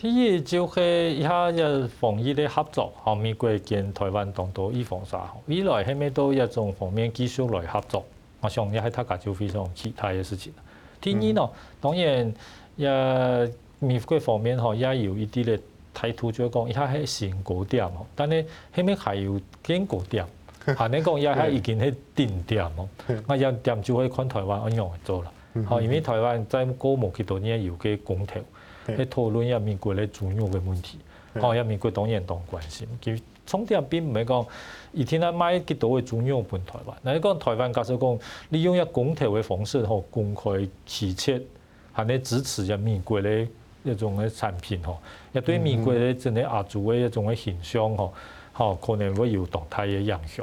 第一就係一下一防疫咧合作，後面美國跟台灣當到依防啥，未來係咪都一種方面繼續來合作？我想也係大家就非常期待嘅事情。第二咯，嗯、當然也美國方面吼也有一啲咧態度就講，一下係先搞掂？但係係咪係有搞掂？係你講一下已經係定點？我有點就係看台灣點樣做啦。哦，因為台灣在過目幾多嘢有嘅共調。討論一美國咧重要的問題，吼對，一美國當然當關心。其實從這邊咪講，以前阿買幾多嘅重要平台灣。那你講台灣教說講，利用一公投的方式吼，公開取切，係咧支持一美國咧一種嘅產品吼，也對美國咧真係阿做嘅一種嘅形象吼，吼、嗯、可能會有動態嘅影響。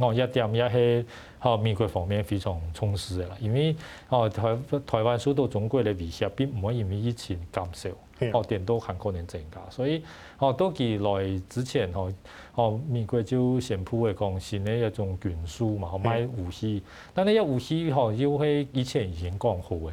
哦，也點也係哦，美國方面非常重視嘅啦，因為哦台台灣受到中國嘅威脅，並唔會因為疫情減少，哦點都可能增加，所以哦多幾來之前哦哦美國就宣佈嘅講新呢一種軍事嘛，唔係有力，但係要武力哦要係以前已經講好嘅。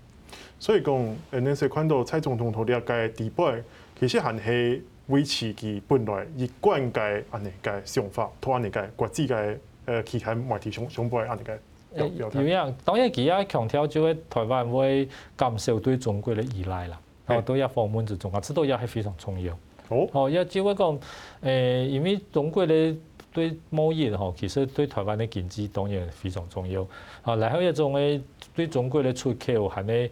所以講誒，你成日看到蔡總統同啲阿屆地盤，其實還係維持其本來一貫嘅阿年界想法，同阿年界國際嘅誒其他問題上上部阿年界有有。當然，當然佢強調調會台灣會減少對中國嘅依賴啦。哦，都一方面就、欸、中國，呢度也係非常重要。哦，哦，因為講誒，因為中國咧對貿易吼，其實對台灣嘅經濟當然非常重要。啊，然後一種咧對中國嘅出口係咧。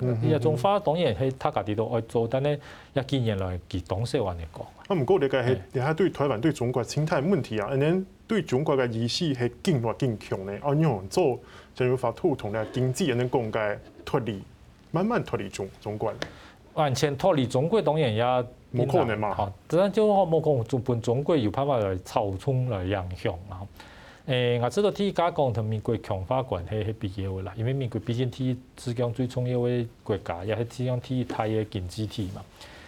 日種花當然是他家己都愛做，但係一經人來結東西話你講。啊，唔過，你嘅係你對台灣對中國心態問題啊？對中國的意識還更弱更強咧？啊，你做就要發突同經濟濟，你講嘅脫離，慢慢脫離中中國，完全脫離中國，當然也冇可能嘛！即係就好，莫講日本中國又派埋來操縱來影響啊！誒、欸，我知道 T 加工同美國強化關係係必要嘅啦，因為美國畢竟 T 自強最重要嘅國家，也係 T 講 T 太嘅經濟體嘛。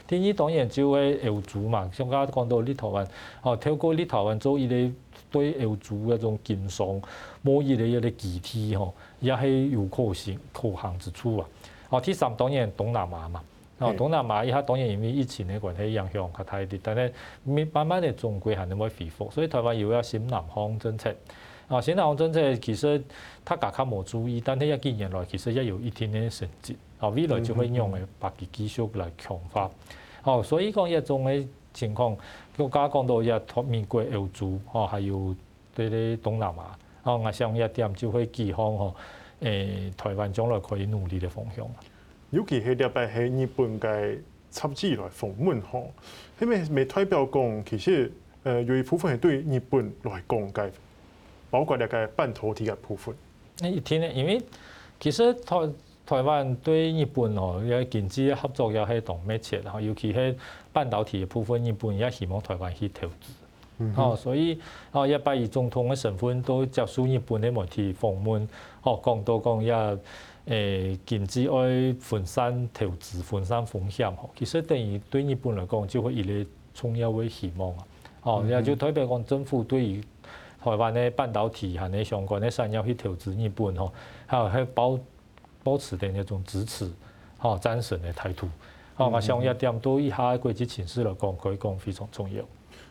T 當然就喺歐洲嘛，上家講，到立陶宛，哦，透過立陶宛做一啲對歐洲一種經商貿易，某一啲一個具體，吼、哦，也係有可行可行之處啊。哦，第三當然東南亞嘛。哦，對 東南亞依家當然因為疫情的關係影響較大啲，但是慢慢嘅總歸還能會恢復。所以台灣有了新南方政策。啊，新南方政策其實他家下冇注意，但係一近年來其實也有一定嘅成績，啊，未來就會用嘅科技技術來強化。哦，所以講一種嘅情況，我剛講講到要脫美國歐洲，哦，還有對你東南亞，哦，那像一點就會幾好。哦，誒，台灣將來可以努力嘅方向。尤其係特別係日本嘅投資來訪問，吼，因為未推表講，其實誒，有一部分係對日本來講嘅，包括嘅半導體嘅部分。一天呢？因為其實台台灣對日本哦，有經濟合作有系同密切，然後尤其係半導體嘅部分，日本也希望台灣去投資。嗯、哦，所以哦一百二總統嘅身份都接受日本嘅媒體訪問，哦講到講也誒，禁止去分散投資，分散風險哦，其實等於對日本嚟講，只會一個重要嘅希望啊。哦，然後、嗯、哼 就代表講政府對於台灣嘅半導體同啲相關嘅產業去投資日本，吼、哦，喺保保持嘅一種支持，哦，戰勝嘅態度。哦，我認為一點都以下國際情勢嚟講，可以講非常重要。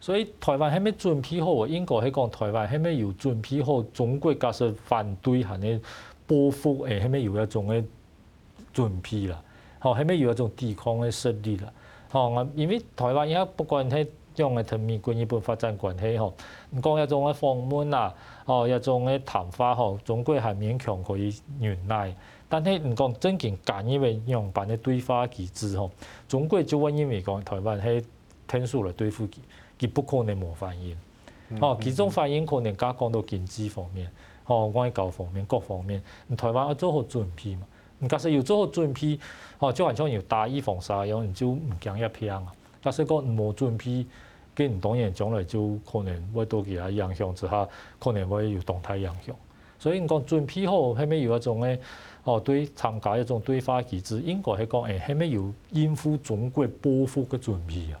所以台灣係咩準備好啊？英國係講台灣係咩有準備好，中國加上反對下啲報復誒，係咩又要做啲準備啦？哦，還咩有要種抵抗嘅勢力啦？啊，因為台灣也不管他用的同美國一般發展關係吼，唔講一種的訪問啦，哦一種嘅談話吼，中國係勉強可以忍耐，但係唔講真正干預因為用反對對話機制吼，中國就揾因為講台灣係天數來對付佢。伊不可能無反應吼、嗯，其中反應可能加講到經濟方面，吼，外交方面，各方面，台灣要做好準備嘛？你假使要做好準備哦，就好像有大意防曬，就不但是有唔少唔驚一病啊！假使講唔冇準備，佢唔當然將來就可能會多其他影響之下，可能會有動態影響。所以你講準備好，係咪有一種咧？哦，對參加一種對話機制，英國係講誒係咪有應付中國報復嘅準備。啊？